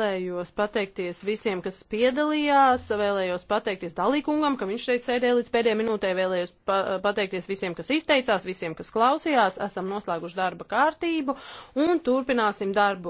Vēlējos pateikties visiem, kas piedalījās, vēlējos pateikties dalīkungam, ka viņš šeit sēdēja līdz pēdējai minūtē, vēlējos pa pateikties visiem, kas izteicās, visiem, kas klausījās, esam noslēguši darba kārtību un turpināsim darbu